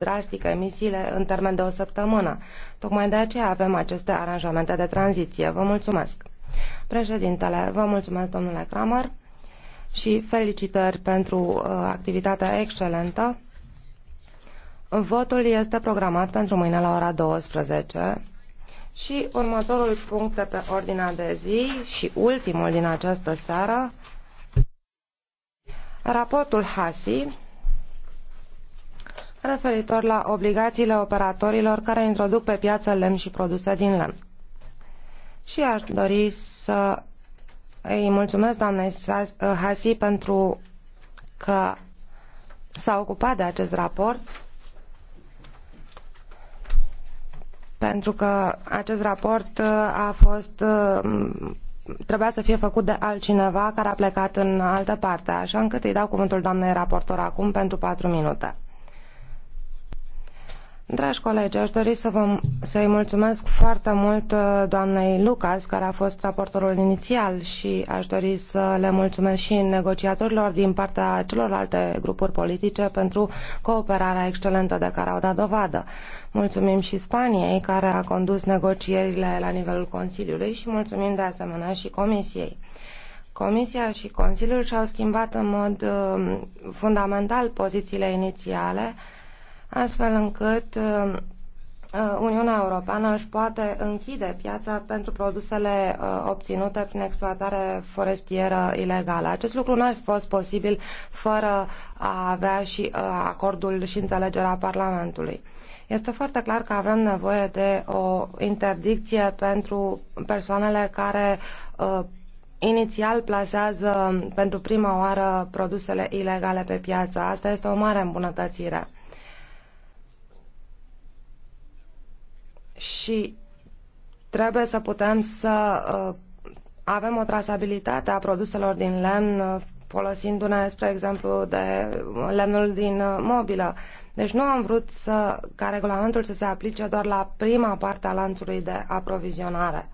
drastic emisiile în termen de o săptămână. Tocmai de aceea avem aceste aranjamente de tranziție. Vă mulțumesc. Președintele, vă mulțumesc, domnule Kramer, și felicitări pentru uh, activitatea excelentă. Votul este programat pentru mâine la ora 12 și următorul punct de pe ordinea de zi și ultimul din această seară, raportul HASI, referitor la obligațiile operatorilor care introduc pe piață lemn și produse din lemn. Și aș dori să îi mulțumesc doamnei uh, Hasi pentru că s-a ocupat de acest raport pentru că acest raport uh, a fost uh, trebuia să fie făcut de altcineva care a plecat în altă parte, așa încât îi dau cuvântul doamnei raportor acum pentru patru minute. Dragi colegi, aș dori să vă, să-i mulțumesc foarte mult uh, doamnei Lucas, care a fost raportorul inițial și aș dori să le mulțumesc și negociatorilor din partea celorlalte grupuri politice pentru cooperarea excelentă de care au dat dovadă. Mulțumim și Spaniei, care a condus negocierile la nivelul Consiliului și mulțumim de asemenea și Comisiei. Comisia și Consiliul și-au schimbat în mod uh, fundamental pozițiile inițiale astfel încât uh, uh, Uniunea Europeană își poate închide piața pentru produsele uh, obținute prin exploatare forestieră ilegală. Acest lucru nu ar fi fost posibil fără a avea și acordul și înțelegerea Parlamentului. Este foarte clar că avem nevoie de o interdicție pentru persoanele care uh, inițial plasează pentru prima oară produsele ilegale pe piață. Asta este o mare îmbunătățire. și trebuie să putem să uh, avem o trasabilitate a produselor din lemn uh, folosindu-ne, spre exemplu, de lemnul din uh, mobilă. Deci nu am vrut să, ca regulamentul să se aplice doar la prima parte a lanțului de aprovizionare.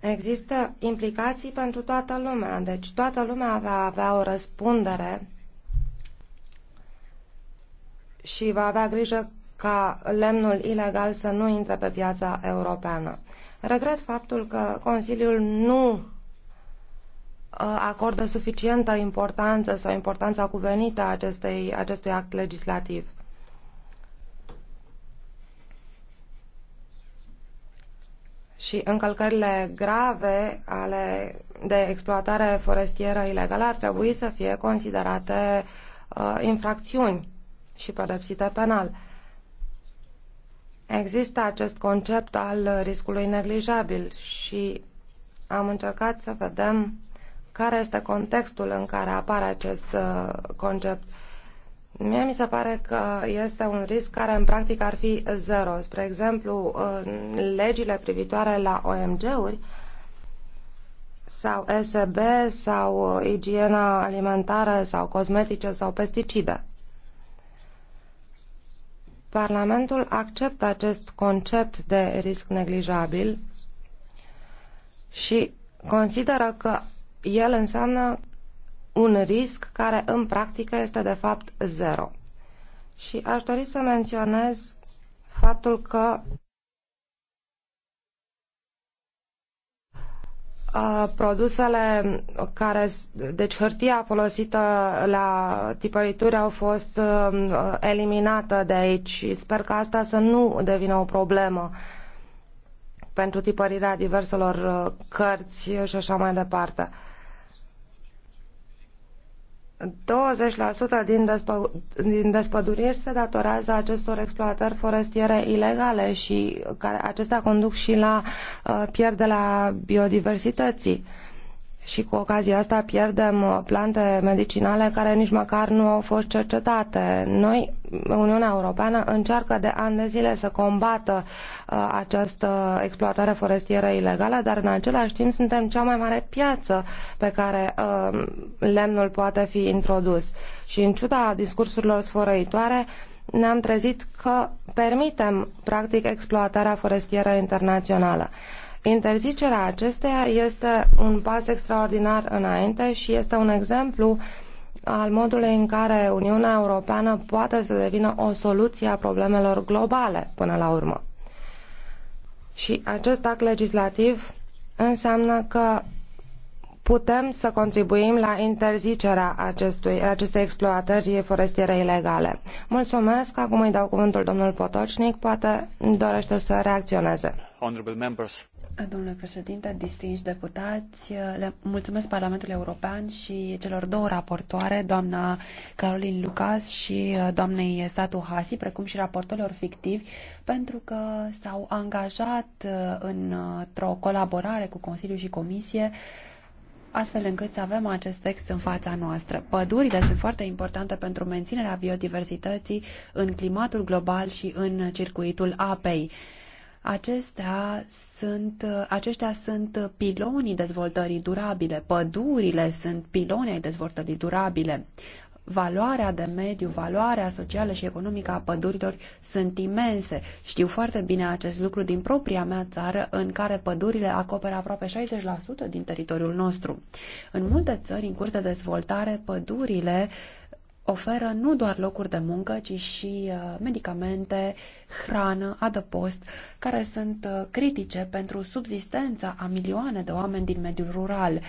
Există implicații pentru toată lumea, deci toată lumea va avea o răspundere și va avea grijă ca lemnul ilegal să nu intre pe piața europeană. Regret faptul că Consiliul nu uh, acordă suficientă importanță sau importanța cuvenită acestei, acestui act legislativ. și încălcările grave ale de exploatare forestieră ilegală ar trebui să fie considerate uh, infracțiuni și pedepsite penal. Există acest concept al riscului neglijabil și am încercat să vedem care este contextul în care apare acest uh, concept. Mie mi se pare că este un risc care în practic ar fi zero. Spre exemplu, legile privitoare la OMG-uri sau SB sau uh, igiena alimentară sau cosmetice sau pesticide. Parlamentul acceptă acest concept de risc neglijabil și consideră că el înseamnă un risc care în practică este de fapt zero. Și aș dori să menționez faptul că Uh, produsele care, deci hârtia folosită la tipărituri au fost uh, eliminată de aici sper că asta să nu devină o problemă pentru tipărirea diverselor uh, cărți și așa mai departe. 20% din, despă, din despăduriri se datorează acestor exploatări forestiere ilegale și care acestea conduc și la uh, pierderea biodiversității. Uh, și cu ocazia asta pierdem uh, plante medicinale care nici măcar nu au fost cercetate. Noi, Uniunea Europeană, încearcă de ani de zile să combată uh, această exploatare forestieră ilegală, dar în același timp suntem cea mai mare piață pe care uh, lemnul poate fi introdus. Și în ciuda discursurilor sfărăitoare, ne-am trezit că permitem, practic, exploatarea forestieră internațională. Uh, Interzicerea acesteia este un pas extraordinar înainte și este un exemplu al modului în care Uniunea Europeană poate să devină o soluție a problemelor globale până la urmă. Și acest act legislativ înseamnă că putem să contribuim la interzicerea acestui, acestei exploatări forestiere ilegale. Mulțumesc, acum îi dau cuvântul domnul Potocnic, poate dorește să reacționeze. Honorable members. Domnule președinte, distinși deputați, le mulțumesc Parlamentului European și celor două raportoare, doamna Caroline Lucas și uh, doamnei Satu Hasi, precum și raportorilor fictivi, pentru că s-au angajat uh, într-o uh, colaborare cu Consiliul și Comisie astfel încât să avem acest text în fața noastră. Pădurile sunt foarte importante pentru menținerea biodiversității în climatul global și în circuitul apei. Acestea sunt, aceștia sunt pilonii dezvoltării durabile, pădurile sunt pilonii ai dezvoltării durabile. Valoarea de mediu, valoarea socială și economică a pădurilor sunt imense. Știu foarte bine acest lucru din propria mea țară, în care pădurile acoperă aproape 60% din teritoriul nostru. În multe țări în curs de dezvoltare, pădurile uh, oferă nu doar locuri de muncă, ci și uh, medicamente, hrană, adăpost, care sunt uh, critice pentru subsistența a milioane de oameni din mediul rural.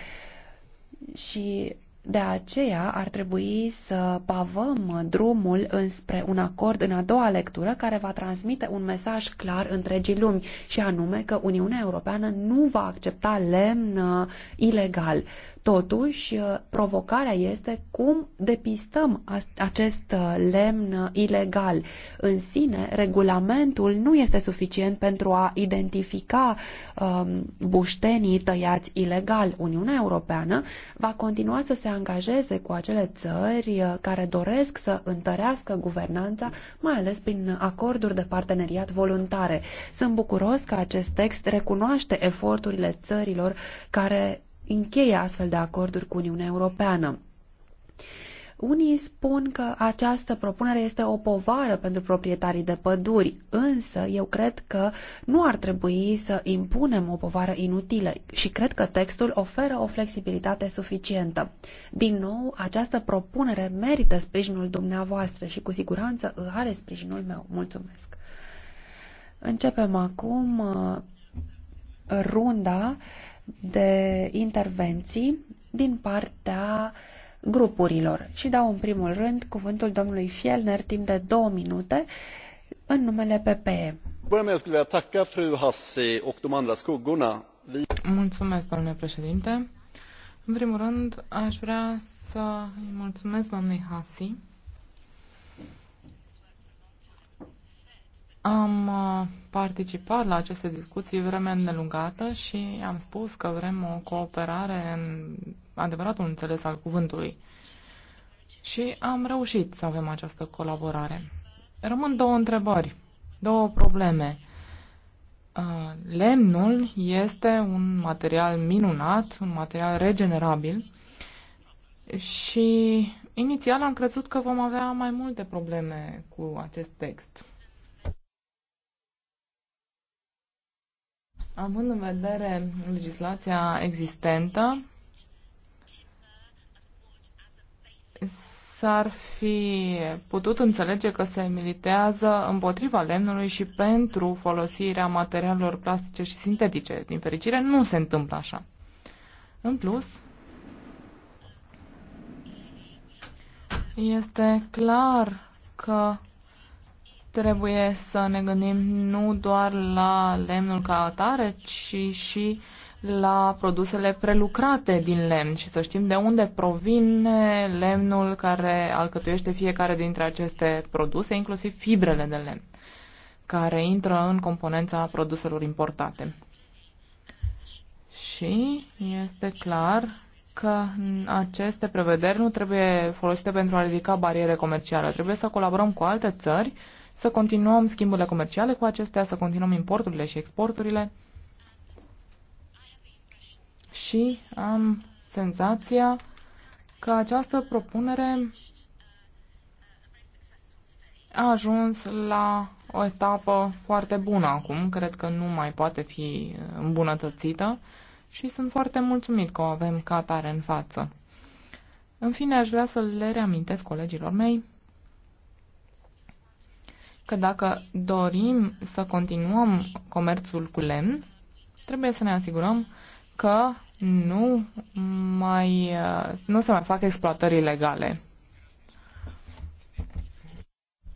Și de aceea ar trebui să pavăm drumul înspre un acord în a doua lectură care va transmite un mesaj clar întregii lumi și anume că Uniunea Europeană nu va accepta lemn uh, ilegal. Totuși, uh, provocarea este cum depistăm acest uh, lemn ilegal. În sine, regulamentul nu este suficient pentru a identifica um, buștenii tăiați ilegal. Uniunea Europeană va continua să se angajeze cu acele țări uh, care doresc să întărească guvernanța, mai ales prin acorduri de parteneriat voluntare. Sunt bucuros că acest text recunoaște eforturile țărilor care încheie astfel de acorduri cu Uniunea Europeană. Unii spun că această propunere este o povară pentru proprietarii de păduri, însă eu cred că nu ar trebui să impunem o povară inutilă și cred că textul oferă o flexibilitate suficientă. Din nou, această propunere merită sprijinul dumneavoastră și cu siguranță are sprijinul meu. Mulțumesc! Începem acum uh, runda de intervenții din partea grupurilor și dau în primul rând cuvântul domnului Fielner timp de două minute în numele PPE. Mulțumesc, domnule președinte. În primul rând, aș vrea să îi mulțumesc doamnei Hasi Am uh, participat la aceste discuții vreme îndelungată și am spus că vrem o cooperare în adevăratul înțeles al cuvântului. Și am reușit să avem această colaborare. Rămân două întrebări, două probleme. Uh, lemnul este un material minunat, un material regenerabil și inițial am crezut că vom avea mai multe probleme cu acest text. Având în vedere legislația existentă, s-ar fi putut înțelege că se militează împotriva lemnului și pentru folosirea materialelor plastice și sintetice. Din fericire, nu se întâmplă așa. În plus, este clar că Trebuie să ne gândim nu doar la lemnul ca atare, ci și la produsele prelucrate din lemn și să știm de unde provine lemnul care alcătuiește fiecare dintre aceste produse, inclusiv fibrele de lemn, care intră în componența produselor importate. Și este clar că aceste prevederi nu trebuie folosite pentru a ridica bariere comerciale. Trebuie să colaborăm cu alte țări să continuăm schimburile comerciale cu acestea, să continuăm importurile și exporturile. Și am senzația că această propunere a ajuns la o etapă foarte bună acum, cred că nu mai poate fi îmbunătățită și sunt foarte mulțumit că o avem ca tare în față. În fine, aș vrea să le reamintesc colegilor mei că dacă dorim să continuăm comerțul cu lemn, trebuie să ne asigurăm că nu, mai, uh, nu se mai fac exploatări ilegale.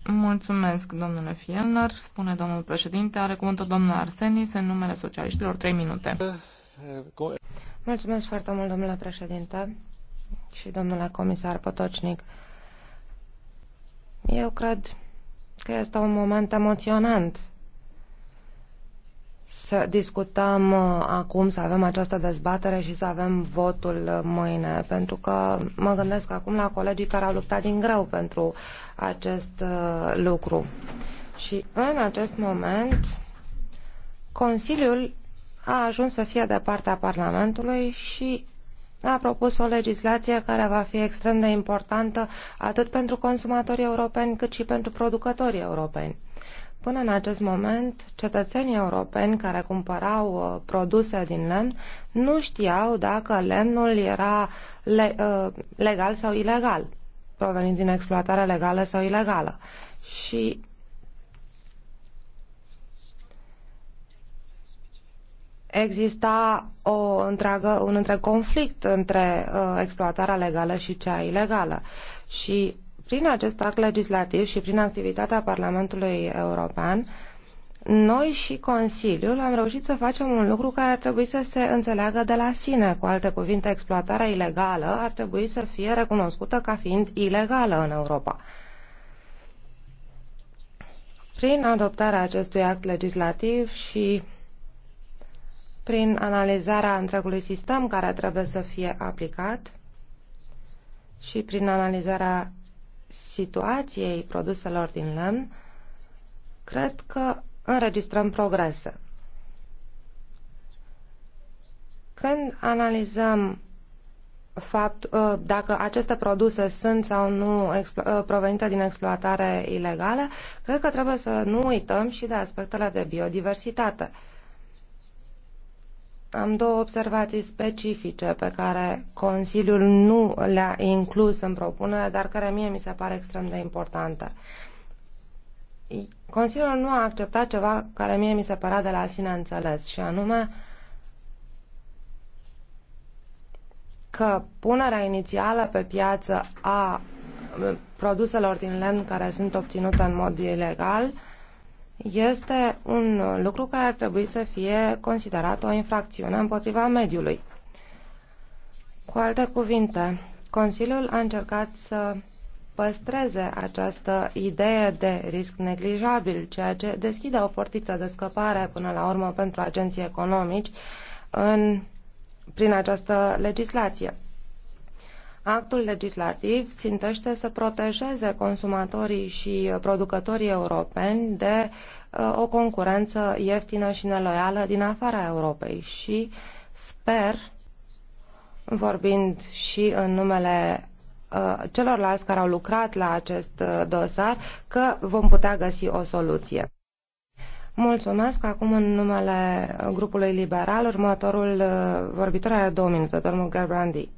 Mulțumesc, domnule Fielner, spune domnul președinte. Are cuvântul domnul Arsenis în numele socialiștilor. Trei minute. Mulțumesc foarte mult, domnule președinte și domnule comisar Potocnic. Eu cred că este un moment emoționant să discutăm uh, acum, să avem această dezbatere și să avem votul uh, mâine, pentru că mă gândesc acum la colegii care au luptat din greu pentru acest uh, lucru. Și în acest moment, Consiliul a ajuns să fie de partea Parlamentului și a propus o legislație care va fi extrem de importantă atât pentru consumatorii europeni cât și pentru producătorii europeni. Până în acest moment, cetățenii europeni care cumpărau uh, produse din lemn nu știau dacă lemnul era le, uh, legal sau ilegal, provenind din exploatare legală sau ilegală. Și exista o întreagă, un întreg conflict între uh, exploatarea legală și cea ilegală. Și prin acest act legislativ și prin activitatea Parlamentului European, noi și Consiliul am reușit să facem un lucru care ar trebui să se înțeleagă de la sine. Cu alte cuvinte, exploatarea ilegală ar trebui să fie recunoscută ca fiind ilegală în Europa. Prin adoptarea acestui act legislativ și prin analizarea întregului sistem care trebuie să fie aplicat și prin analizarea situației produselor din lemn, cred că înregistrăm progrese. Când analizăm fapt, ă, dacă aceste produse sunt sau nu ă, provenite din exploatare ilegală, cred că trebuie să nu uităm și de aspectele de biodiversitate. Am două observații specifice pe care Consiliul nu le-a inclus în propunere, dar care mie mi se pare extrem de importante. Consiliul nu a acceptat ceva care mie mi se părea de la sine înțeles, și anume că punerea inițială pe piață a produselor din lemn care sunt obținute în mod ilegal uh, este un lucru care ar trebui să fie considerat o infracțiune împotriva mediului. Cu alte cuvinte, Consiliul a încercat să păstreze această idee de risc neglijabil, ceea ce deschide o portiță de scăpare până la urmă pentru agenții economici în, prin această legislație. Actul legislativ țintește să protejeze consumatorii și producătorii europeni de uh, o concurență ieftină și neloială din afara Europei și sper, vorbind și în numele uh, celorlalți care au lucrat la acest uh, dosar, că vom putea găsi o soluție. Mulțumesc. Acum, în numele grupului liberal, următorul vorbitor are două minute, domnul Gerbrandi.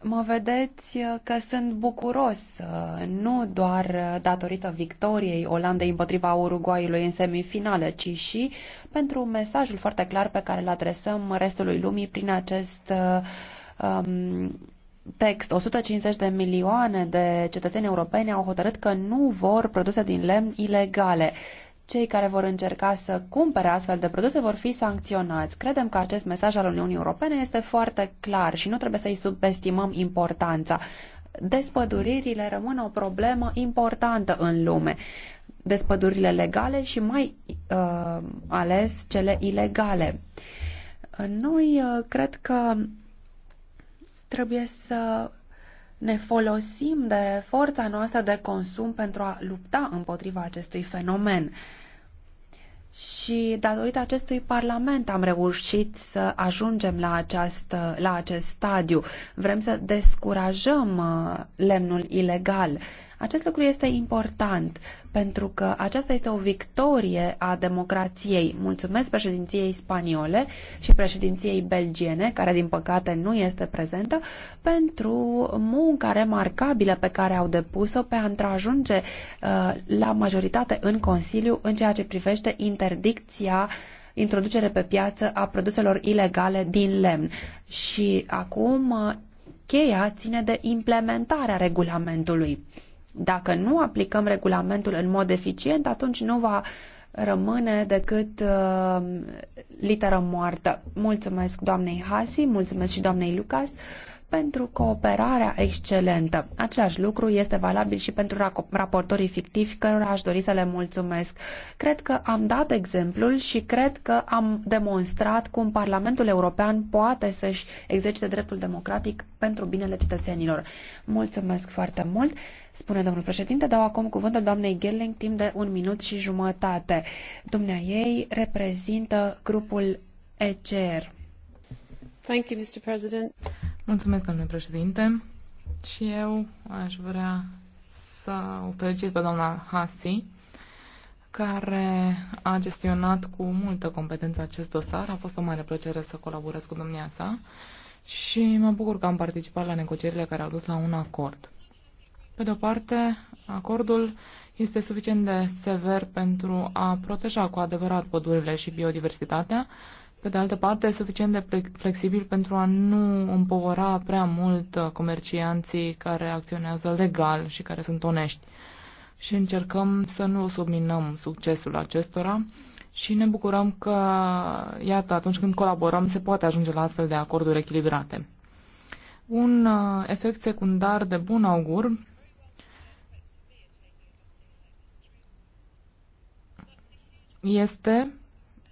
Mă vedeți că sunt bucuros, nu doar datorită victoriei Olandei împotriva Uruguayului în semifinală, ci și pentru mesajul foarte clar pe care îl adresăm restului lumii prin acest um, text. 150 de milioane de cetățeni europeni au hotărât că nu vor produse din lemn ilegale. Uh, cei care vor încerca să cumpere astfel de produse vor fi sancționați. Credem că acest mesaj al Uniunii Europene este foarte clar și nu trebuie să-i subestimăm importanța. Despăduririle rămân o problemă importantă în lume. Despădurile legale și mai uh, ales cele ilegale. Noi uh, cred că trebuie să ne folosim de forța noastră de consum pentru a lupta împotriva acestui fenomen. Și datorită acestui Parlament am reușit să ajungem la, această, la acest stadiu. Vrem să descurajăm uh, lemnul ilegal acest lucru este important pentru că aceasta este o victorie a democrației. Mulțumesc președinției spaniole și președinției belgiene, care din păcate nu este prezentă, pentru munca remarcabilă pe care au depus-o pe a întrajunge uh, la majoritate în Consiliu în ceea ce privește interdicția introducere pe piață a produselor ilegale din lemn. Și acum uh, cheia ține de implementarea regulamentului. Dacă nu aplicăm regulamentul în mod eficient, atunci nu va rămâne decât uh, literă moartă. Mulțumesc doamnei Hasi, mulțumesc și doamnei Lucas pentru cooperarea excelentă. Același lucru este valabil și pentru raportorii fictivi cărora aș dori să le mulțumesc. Cred că am dat exemplul și cred că am demonstrat cum Parlamentul European poate să-și exercite dreptul democratic pentru binele cetățenilor. Mulțumesc foarte mult, spune domnul președinte. Dau acum cuvântul doamnei Gerling timp de un minut și jumătate. Dumnea ei reprezintă grupul ECR. Thank you, Mr. President. Mulțumesc, domnule președinte. Și eu aș vrea să o felicit pe doamna Hasi, care a gestionat cu multă competență acest dosar. A fost o mare plăcere să colaborez cu domnia sa și mă bucur că am participat la negocierile care au dus la un acord. Pe de o parte, acordul este suficient de sever pentru a proteja cu adevărat pădurile și biodiversitatea, pe de altă parte, suficient de flexibil pentru a nu împovăra prea mult uh, comercianții care acționează legal și care sunt onești. Și încercăm să nu subminăm succesul acestora și ne bucurăm că, iată, atunci când colaborăm, se poate ajunge la astfel de acorduri echilibrate. Un uh, efect secundar de bun augur este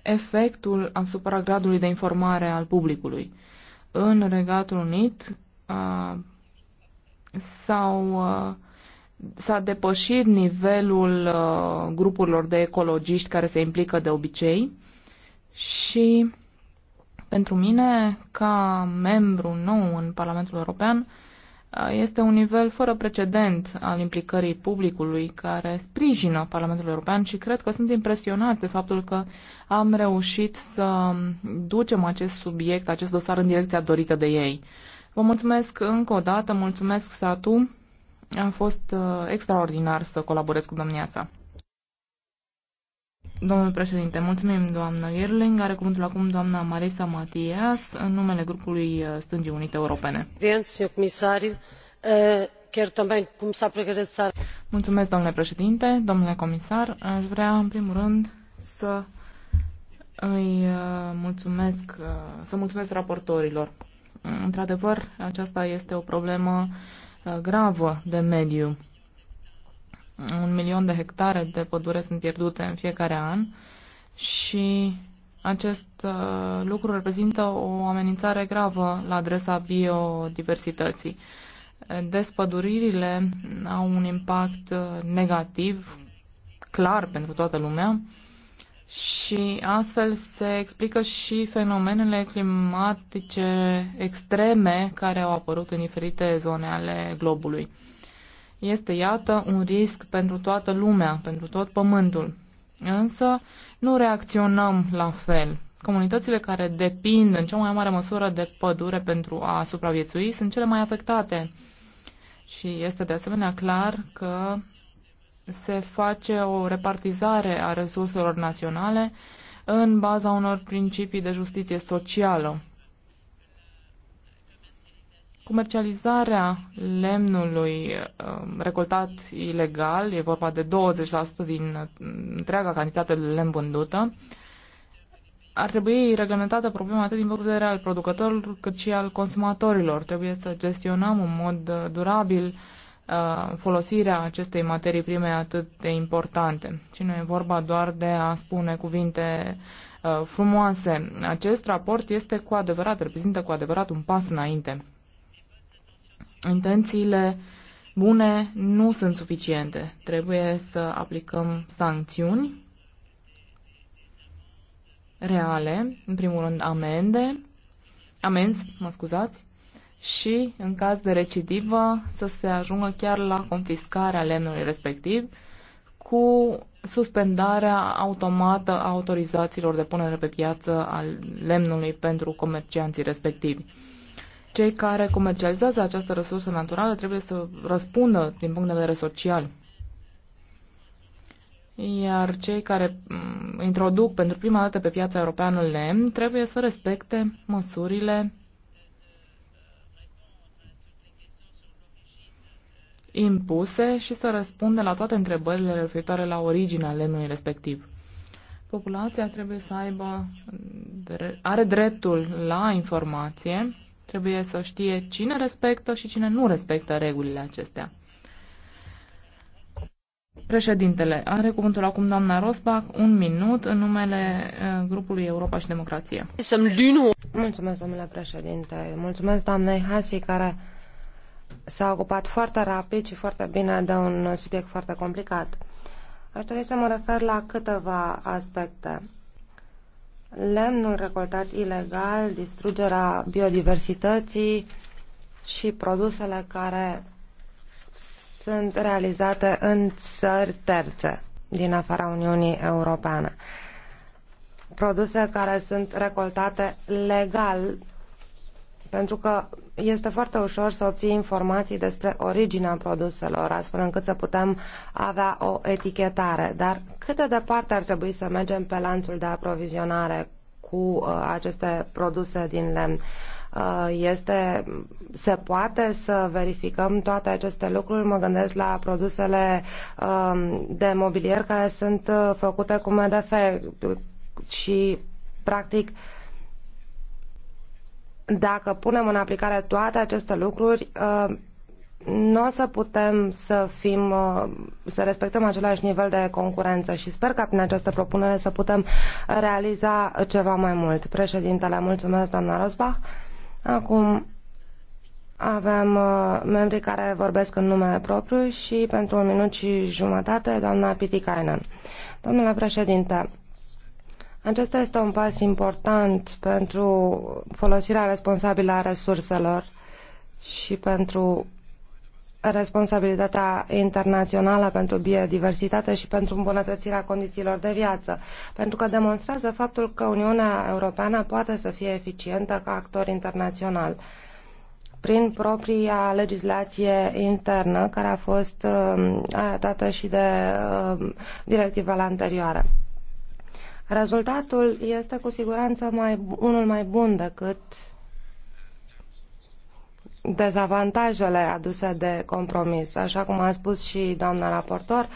efectul asupra gradului de informare al publicului. În Regatul Unit s s-a depășit nivelul uh, grupurilor de ecologiști care se implică de obicei și pentru mine, ca membru nou în Parlamentul European, este un nivel fără precedent al implicării publicului care sprijină Parlamentul European și cred că sunt impresionați de faptul că am reușit să ducem acest subiect, acest dosar în direcția dorită de ei. Vă mulțumesc încă o dată, mulțumesc Satu. A fost uh, extraordinar să colaborez cu domnia sa. Domnul președinte, mulțumim doamna Gerling. Are cuvântul acum doamna Marisa Matias în numele grupului uh, Stângii Unite Europene. Uh, mulțumesc, domnule președinte, domnule comisar. Aș vrea, în primul rând, să îi uh, mulțumesc, să mulțumesc raportorilor. Într-adevăr, aceasta este o problemă gravă de mediu un milion de hectare de pădure sunt pierdute în fiecare an și acest uh, lucru reprezintă o amenințare gravă la adresa biodiversității. Despăduririle au un impact uh, negativ, clar pentru toată lumea, și astfel se explică și fenomenele climatice extreme care au apărut în diferite zone ale globului este, iată, un risc pentru toată lumea, pentru tot pământul. Însă nu reacționăm la fel. Comunitățile care depind în cea mai mare măsură de pădure pentru a supraviețui sunt cele mai afectate. Și este de asemenea clar că se face o repartizare a resurselor naționale în baza unor principii de justiție socială. Comercializarea lemnului um, recoltat ilegal, e vorba de 20% din uh, întreaga cantitate de lemn vândută, ar trebui reglementată problema atât din punct de vedere al producătorilor cât și al consumatorilor. Trebuie să gestionăm în mod uh, durabil uh, folosirea acestei materii prime atât de importante. Și nu e vorba doar de a spune cuvinte frumoase. Acest raport este cu adevărat, reprezintă cu adevărat un pas înainte intențiile bune nu sunt suficiente. Trebuie să aplicăm sancțiuni reale, în primul rând amende, amenzi, mă scuzați, și în caz de recidivă să se ajungă chiar la confiscarea lemnului respectiv cu suspendarea automată a autorizațiilor de punere pe piață al lemnului pentru comercianții respectivi. Cei care comercializează această resursă naturală trebuie să răspundă din punct de vedere social. Iar cei care mm, introduc pentru prima dată pe piața europeană lemn trebuie să respecte măsurile impuse și să răspundă la toate întrebările referitoare la originea lemnului respectiv. Populația trebuie să aibă, are dreptul la informație Trebuie să știe cine respectă și cine nu respectă regulile acestea. Președintele, are cuvântul acum doamna Rosbach, un minut, în numele uh, grupului Europa și Democrație. Mulțumesc, domnule președinte. Mulțumesc, doamnei Hasi, care s-a ocupat foarte rapid și foarte bine de un subiect foarte complicat. Aș dori să mă refer la câteva aspecte lemnul recoltat ilegal, distrugerea biodiversității și produsele care sunt realizate în țări terțe din afara Uniunii Europene. Produse care sunt recoltate legal pentru că este foarte ușor să obții informații despre originea produselor, astfel încât să putem avea o etichetare. Dar cât de departe ar trebui să mergem pe lanțul de aprovizionare cu uh, aceste produse din lemn? Uh, este, se poate să verificăm toate aceste lucruri. Mă gândesc la produsele um, de mobilier care sunt uh, făcute cu MDF și, practic, dacă punem în aplicare toate aceste lucruri, uh, nu o să putem să fim, uh, să respectăm același nivel de concurență și sper ca prin această propunere să putem realiza ceva mai mult. Președintele, mulțumesc, doamna Rosbach. Acum avem uh, membrii care vorbesc în nume propriu și pentru un minut și jumătate, doamna Pitikainen. Domnule președinte, acesta este un pas important pentru folosirea responsabilă a resurselor și pentru responsabilitatea internațională pentru biodiversitate și pentru îmbunătățirea condițiilor de viață, pentru că demonstrează faptul că Uniunea Europeană poate să fie eficientă ca actor internațional prin propria legislație internă care a fost um, arătată și de um, directivele anterioare. Rezultatul este cu siguranță mai, unul mai bun decât dezavantajele aduse de compromis. Așa cum a spus și doamna raportor,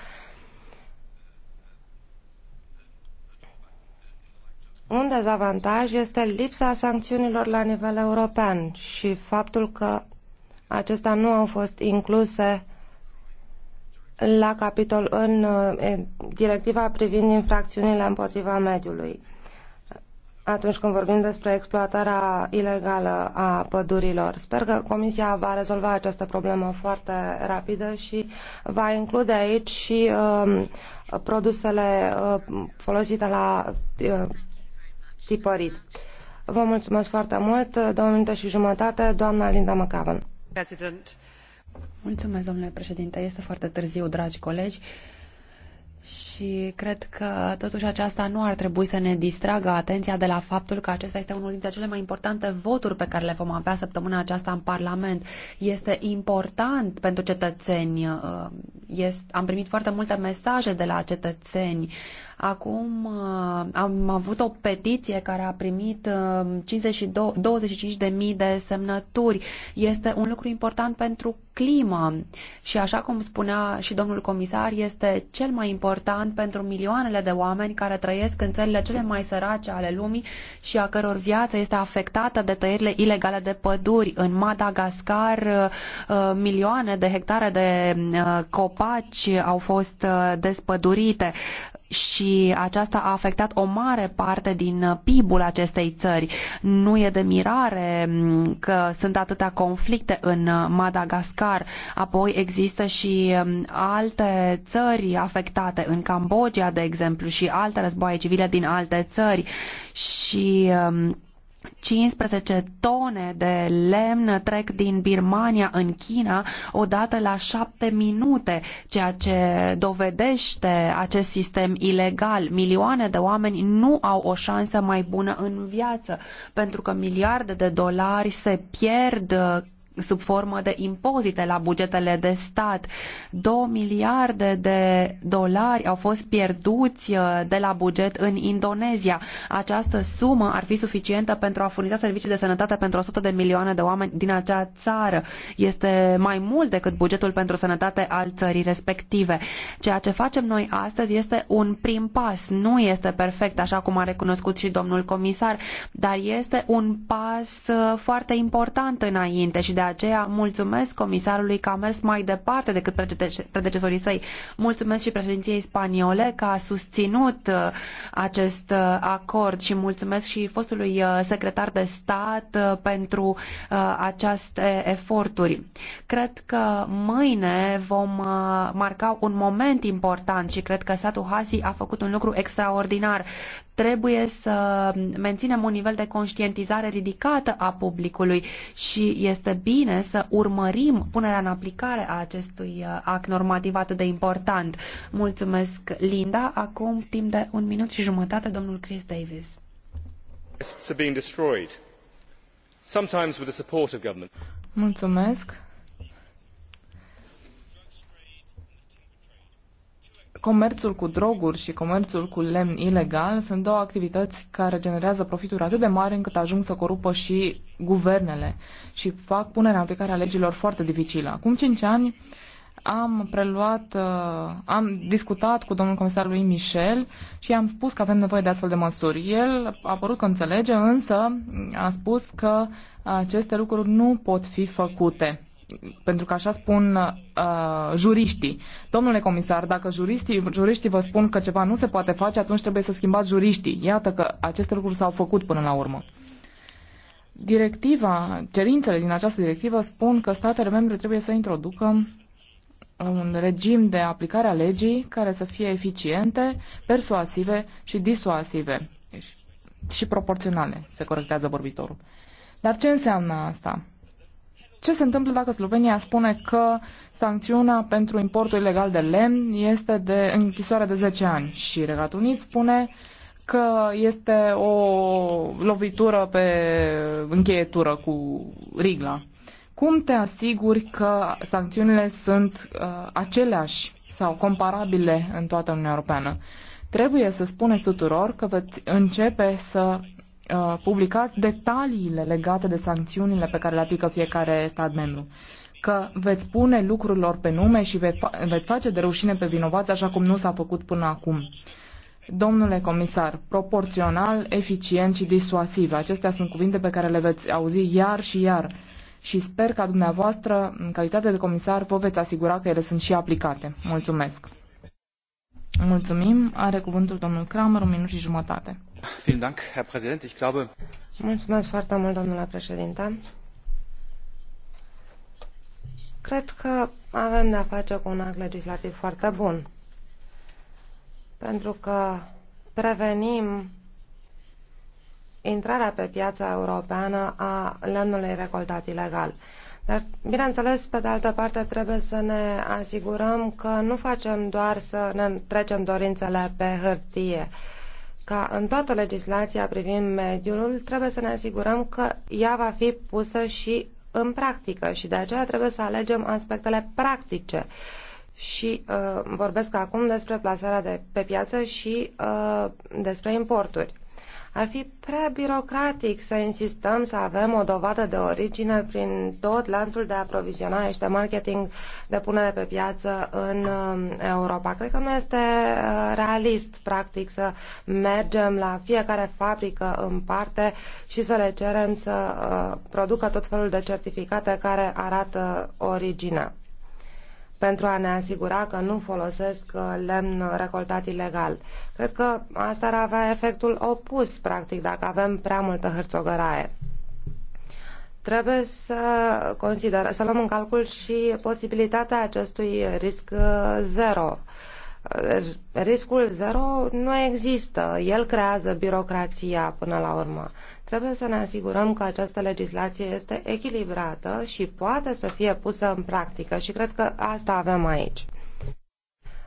un dezavantaj este lipsa sancțiunilor la nivel european și faptul că acestea nu au fost incluse la capitol în eh, directiva privind infracțiunile împotriva mediului atunci când vorbim despre exploatarea ilegală a pădurilor. Sper că Comisia va rezolva această problemă foarte rapidă și va include aici și uh, produsele uh, folosite la uh, tipărit. Vă mulțumesc foarte mult. Două minute și jumătate, doamna Linda McAvan. President. Mulțumesc, domnule președinte. Este foarte târziu, dragi colegi. Și cred că totuși aceasta nu ar trebui să ne distragă atenția de la faptul că acesta este unul dintre cele mai importante voturi pe care le vom avea săptămâna aceasta în Parlament. Este important pentru cetățeni. Uh, este, am primit foarte multe mesaje de la cetățeni Acum uh, am avut o petiție care a primit 52, uh, 25.000 de semnături. Este un lucru important pentru climă și, așa cum spunea și domnul comisar, este cel mai important pentru milioanele de oameni care trăiesc în țările cele mai sărace ale lumii și a căror viață este afectată de tăierile ilegale de păduri. În Madagascar, uh, milioane de hectare de copaci au fost despădurite și și aceasta a afectat o mare parte din PIB-ul acestei țări. Nu e de mirare mm, că sunt atâtea conflicte în Madagascar. Apoi există și mm, alte țări afectate, în Cambodgia, de exemplu, și alte războaie civile din alte țări. Și mm, 15 tone de lemn trec din Birmania în China odată la 7 minute, ceea ce dovedește acest sistem ilegal. Milioane de oameni nu au o șansă mai bună în viață, pentru că miliarde de dolari se pierd sub formă de impozite la bugetele de stat. 2 miliarde de dolari au fost pierduți uh, de la buget în Indonezia. Această sumă ar fi suficientă pentru a furniza servicii de sănătate pentru 100 de milioane de oameni din acea țară. Este mai mult decât bugetul pentru sănătate al țării respective. Ceea ce facem noi astăzi este un prim pas. Nu este perfect, așa cum a recunoscut și domnul comisar, dar este un pas uh, foarte important înainte și de aceea mulțumesc comisarului că a mers mai departe decât predecesorii săi. Mulțumesc și președinției spaniole că a susținut uh, acest uh, acord și mulțumesc și fostului uh, secretar de stat pentru aceste eforturi. Cred că mâine vom marca un moment important și cred că Satu Hasi a făcut un lucru extraordinar trebuie să menținem un nivel de conștientizare ridicată a publicului și este bine bine să urmărim punerea în aplicare a acestui uh, act normativ atât de important. Mulțumesc, Linda. Acum, timp de un minut și jumătate, domnul Chris Davis. Mulțumesc. Comerțul cu droguri și comerțul cu lemn ilegal sunt două activități care generează profituri atât de mari încât ajung să corupă și guvernele și fac punerea în aplicare a legilor foarte dificilă. Acum 5 ani am preluat, uh, am discutat cu domnul comisar lui Michel și am spus că avem nevoie de astfel de măsuri. El a părut că înțelege, însă a spus că aceste lucruri nu pot fi făcute pentru că așa spun uh, juriștii. Domnule comisar, dacă juriștii, juriștii vă spun că ceva nu se poate face, atunci trebuie să schimbați juriștii. Iată că aceste lucruri s-au făcut până la urmă. Directiva, cerințele din această directivă spun că statele membre trebuie să introducă un regim de aplicare a legii care să fie eficiente, persuasive și disuasive și, și proporționale, se corectează vorbitorul. Dar ce înseamnă asta? ce se întâmplă dacă Slovenia spune că sancțiunea pentru importul ilegal de lemn este de închisoare de 10 ani și Regatul Unit spune că este o lovitură pe încheietură cu rigla. Cum te asiguri că sancțiunile sunt uh, aceleași sau comparabile în toată Uniunea Europeană? Trebuie să spuneți tuturor că veți începe să Uh, publicați detaliile legate de sancțiunile pe care le aplică fiecare stat membru că veți pune lucrurilor pe nume și veți, veți face de rușine pe vinovați așa cum nu s-a făcut până acum. Domnule comisar, proporțional, eficient și disuasiv. Acestea sunt cuvinte pe care le veți auzi iar și iar. Și sper ca dumneavoastră, în calitate de comisar, vă veți asigura că ele sunt și aplicate. Mulțumesc. Mulțumim. Are cuvântul domnul Kramer, un minut și jumătate. Mulțumesc foarte mult, domnule președinte. Cred că avem de-a face cu un act legislativ foarte bun, pentru că prevenim intrarea pe piața europeană a lemnului recoltat ilegal. Dar, bineînțeles, pe de altă parte, trebuie să ne asigurăm că nu facem doar să ne trecem dorințele pe hârtie, uh, ca în toată legislația privind mediul, trebuie să ne asigurăm că ea va fi pusă și în practică și de aceea trebuie să alegem aspectele practice. Și uh, vorbesc acum despre plasarea de, pe piață și uh, despre importuri. Ar fi prea birocratic să insistăm să avem o dovadă de origine prin tot lanțul de aprovizionare și de marketing de punere pe piață în um, Europa. Cred că nu este uh, realist, practic, să mergem la fiecare fabrică în parte și să le cerem să uh, producă tot felul de certificate care arată uh, originea pentru a ne asigura că nu folosesc uh, lemn recoltat ilegal. Cred că asta ar avea efectul opus, practic, dacă avem prea multă hârțogăraie. Trebuie să, consider, să luăm în calcul și posibilitatea acestui risc uh, zero Uh, riscul zero nu există. El creează birocrația până la urmă. Trebuie să ne asigurăm că această legislație este echilibrată și poate să fie pusă în practică și cred că asta avem aici.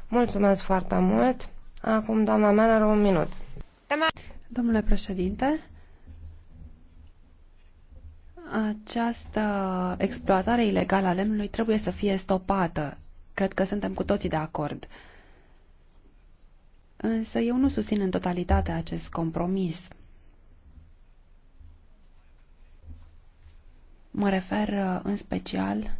Mulțumesc foarte mult. Acum, doamna Mener, un minut. Domnule președinte, această exploatare ilegală a lemnului trebuie să fie stopată. Cred că suntem cu toții de acord însă eu nu susțin în totalitate acest compromis. Mă refer uh, în special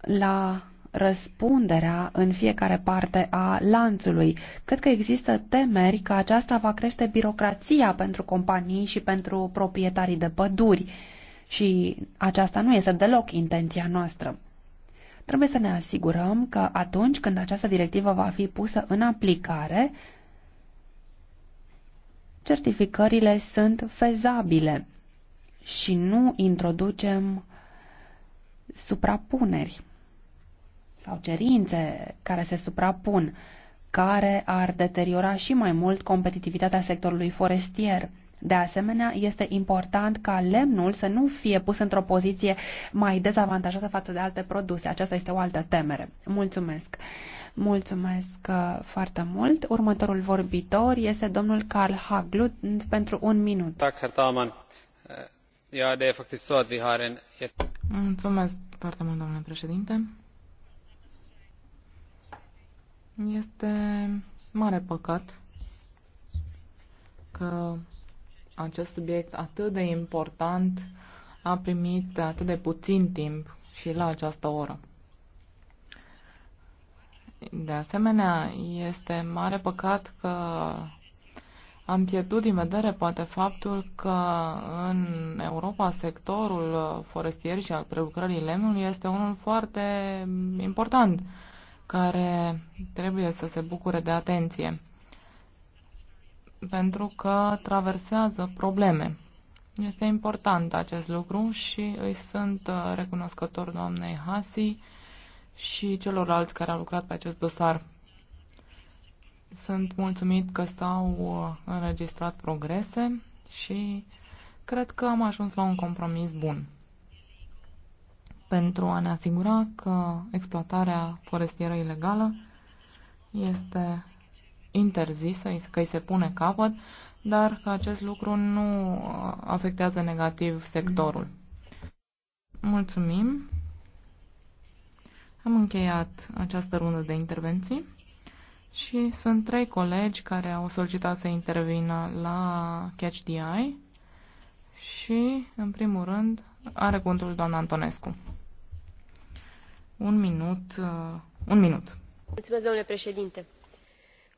la răspunderea în fiecare parte a lanțului. Cred că există temeri că aceasta va crește birocrația pentru companii și pentru proprietarii de păduri și aceasta nu este deloc intenția noastră. Trebuie să ne asigurăm că atunci când această directivă va fi pusă în aplicare, certificările sunt fezabile și nu introducem suprapuneri sau cerințe care se suprapun, care ar deteriora și mai mult competitivitatea sectorului forestier. De asemenea, este important ca lemnul să nu fie pus într-o poziție mai dezavantajată față de alte produse. Aceasta este o altă temere. Mulțumesc! Mulțumesc uh, foarte mult. Următorul vorbitor este domnul Karl Haglund pentru un minut. Tak, uh, Mulțumesc foarte mult, domnule președinte. Este mare păcat că acest subiect atât de important a primit atât de puțin timp și la această oră. De asemenea, este mare păcat că am pierdut din vedere poate faptul că în Europa sectorul forestier și al prelucrării lemnului este unul foarte important care trebuie să se bucure de atenție pentru că traversează probleme. Este important acest lucru și îi sunt uh, recunoscător doamnei Hasi și celorlalți care au lucrat pe acest dosar. Sunt mulțumit că s-au uh, înregistrat progrese și cred că am ajuns la un compromis bun pentru a ne asigura că exploatarea forestieră ilegală este interzisă, că îi se pune capăt, dar că acest lucru nu uh, afectează negativ sectorul. Mulțumim. Am încheiat această rundă de intervenții și sunt trei colegi care au solicitat să intervină la Catch the Eye și, în primul rând, are cuvântul doamna Antonescu. Un minut, uh, un minut. Mulțumesc, domnule președinte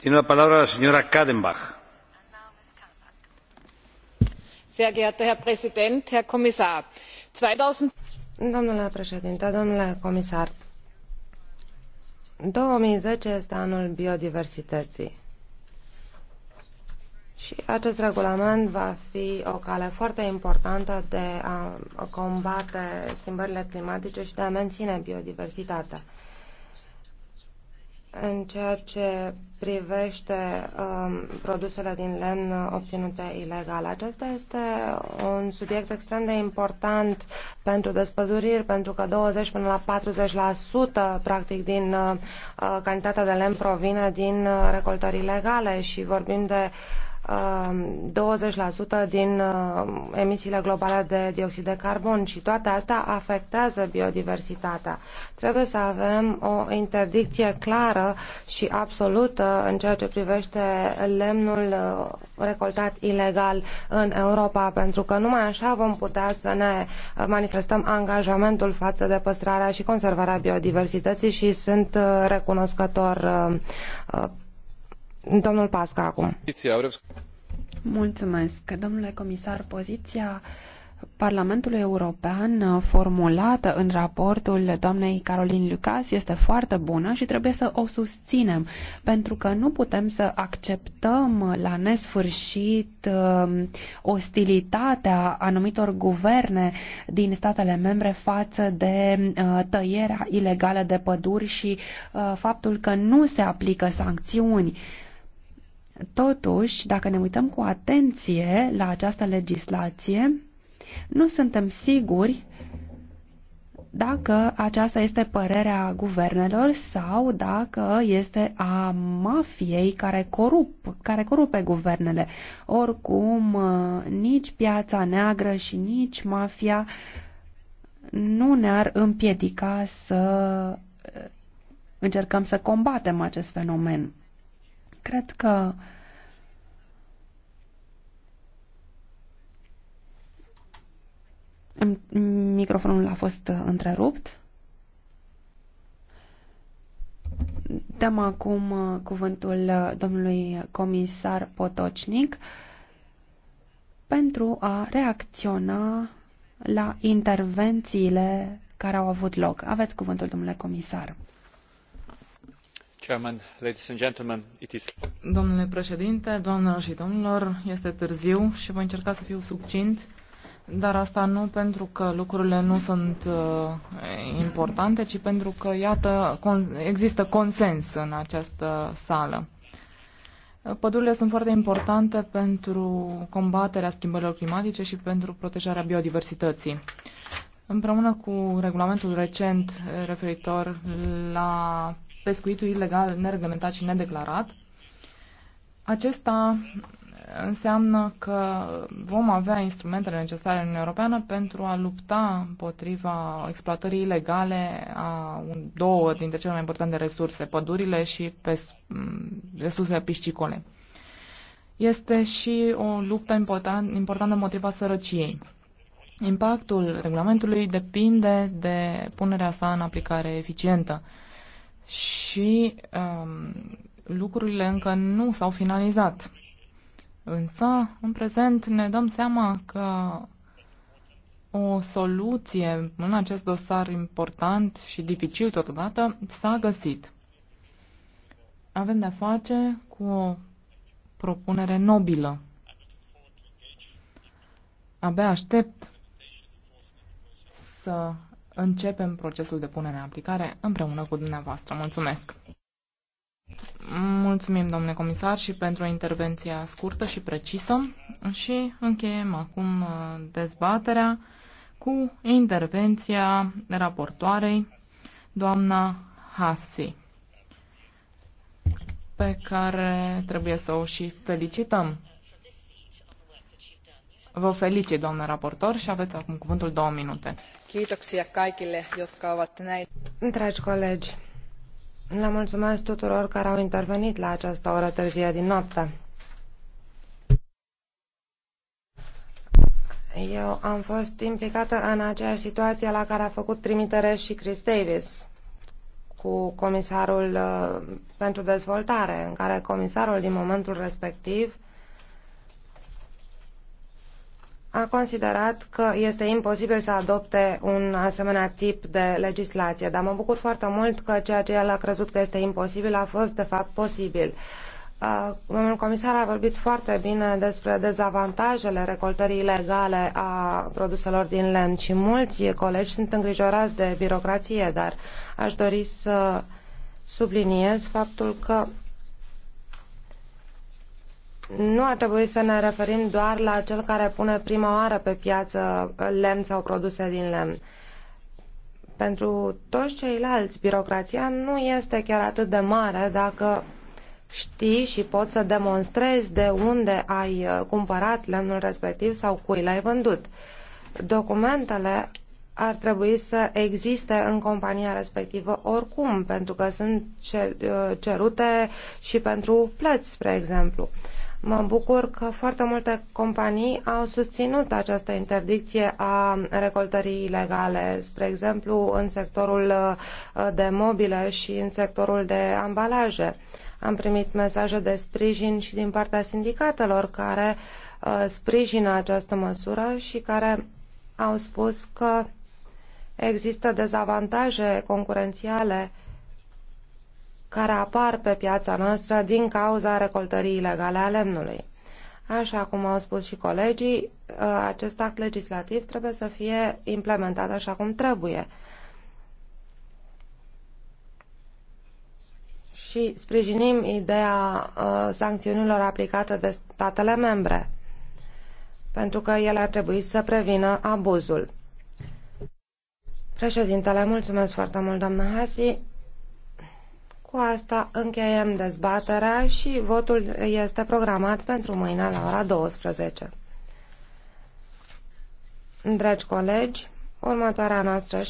Tiene la la señora Kadenbach. Sehr geehrter Herr Präsident, Herr Kommissar. Domnule președinte, domnule comisar, 2010 este anul biodiversității. Și acest regulament va fi o cale foarte importantă de a combate schimbările climatice și de a menține biodiversitatea. În ceea ce privește um, produsele din lemn obținute ilegal. Acesta este un subiect extrem de important pentru despăduriri, pentru că 20 până la 40% practic din uh, uh, cantitatea de lemn provine din uh, recoltări ilegale și vorbim de uh, 20% din uh, emisiile globale de dioxid de carbon și toate astea afectează biodiversitatea. Trebuie să avem o interdicție clară și absolută în ceea ce privește lemnul uh, recoltat ilegal în Europa, pentru că numai așa vom putea să ne uh, manifestăm angajamentul față de păstrarea și conservarea biodiversității și sunt recunoscător Domnul Mulțumesc. Domnule comisar, poziția Parlamentului European uh, formulată în raportul doamnei Caroline Lucas este foarte bună și trebuie să o susținem, pentru că nu putem să acceptăm la nesfârșit um, ostilitatea anumitor guverne din statele membre față de uh, tăierea ilegală de păduri și uh, faptul că nu se aplică sancțiuni Totuși, dacă ne uităm cu atenție la această legislație, nu suntem siguri dacă aceasta este părerea guvernelor sau dacă este a mafiei care, corup, care corupe guvernele. Oricum, nici piața neagră și nici mafia nu ne-ar împiedica să încercăm să combatem acest fenomen. Cred că microfonul a fost uh, întrerupt. Dăm acum uh, cuvântul uh, domnului comisar Potocnic pentru a reacționa la intervențiile care au avut loc. Aveți cuvântul, domnule comisar. Domnule președinte, doamnelor și domnilor, este târziu și voi încerca să fiu succint, dar asta nu pentru că lucrurile nu sunt uh, importante, ci pentru că, iată, există consens în această sală. Pădurile sunt foarte importante pentru combaterea schimbărilor climatice și pentru protejarea biodiversității. Împreună cu regulamentul recent referitor la pescuitul ilegal, nereglementat și nedeclarat. Acesta înseamnă că vom avea instrumentele necesare în Uniunea Europeană pentru a lupta împotriva exploatării ilegale a două dintre cele mai importante resurse, pădurile și pes- resursele piscicole. Este și o luptă important, importantă împotriva sărăciei. Impactul regulamentului depinde de punerea sa în aplicare eficientă și um, lucrurile încă nu s-au finalizat. Însă, în prezent, ne dăm seama că o soluție în acest dosar important și dificil totodată s-a găsit. Avem de-a face cu o propunere nobilă. Abia aștept să începem procesul de punere în aplicare împreună cu dumneavoastră. Mulțumesc! Mulțumim, domnule comisar, și pentru intervenția scurtă și precisă și încheiem acum uh, dezbaterea cu intervenția raportoarei, doamna Hassi, pe care trebuie să o și felicităm Vă felicit, doamnă raportor, și aveți acum cuvântul două minute. Kiitoksia kaikille, jotka ovat näin. Dragi colegi, le mulțumesc tuturor care au intervenit la această oră târzie din noapte. Eu am fost implicată în aceeași situație la care a făcut trimitere și Chris Davis cu comisarul uh, pentru dezvoltare, în care comisarul din momentul respectiv a considerat că este imposibil să adopte un asemenea tip de legislație, dar mă bucur foarte mult că ceea ce el a crezut că este imposibil a fost de fapt posibil. Uh, domnul comisar a vorbit foarte bine despre dezavantajele recoltării ilegale a produselor din lemn și mulți colegi sunt îngrijorați de birocrație, dar aș dori să subliniez faptul că nu ar trebui să ne referim doar la cel care pune prima oară pe piață lemn sau produse din lemn. Pentru toți ceilalți, birocrația nu este chiar atât de mare dacă știi și poți să demonstrezi de unde ai uh, cumpărat lemnul respectiv sau cui l-ai vândut. Documentele ar trebui să existe în compania respectivă oricum, pentru că sunt uh, cerute și pentru plăți, spre exemplu. Uh, Mă bucur că foarte multe companii au susținut această interdicție a recoltării ilegale, spre exemplu în sectorul uh, de mobile și în sectorul de ambalaje. Am primit mesaje de sprijin și din partea sindicatelor care uh, sprijină această măsură și care au spus că există dezavantaje concurențiale uh, care apar pe piața noastră din cauza recoltării ilegale a lemnului. Așa cum au spus și colegii, uh, acest act legislativ trebuie să fie implementat așa cum trebuie. Și sprijinim ideea uh, sancțiunilor aplicate de statele membre, pentru că ele ar trebui să prevină abuzul. Președintele, mulțumesc foarte mult, doamna Hasi. Cu asta încheiem dezbaterea și votul este programat pentru mâine la ora 12. Dragi colegi, următoarea noastră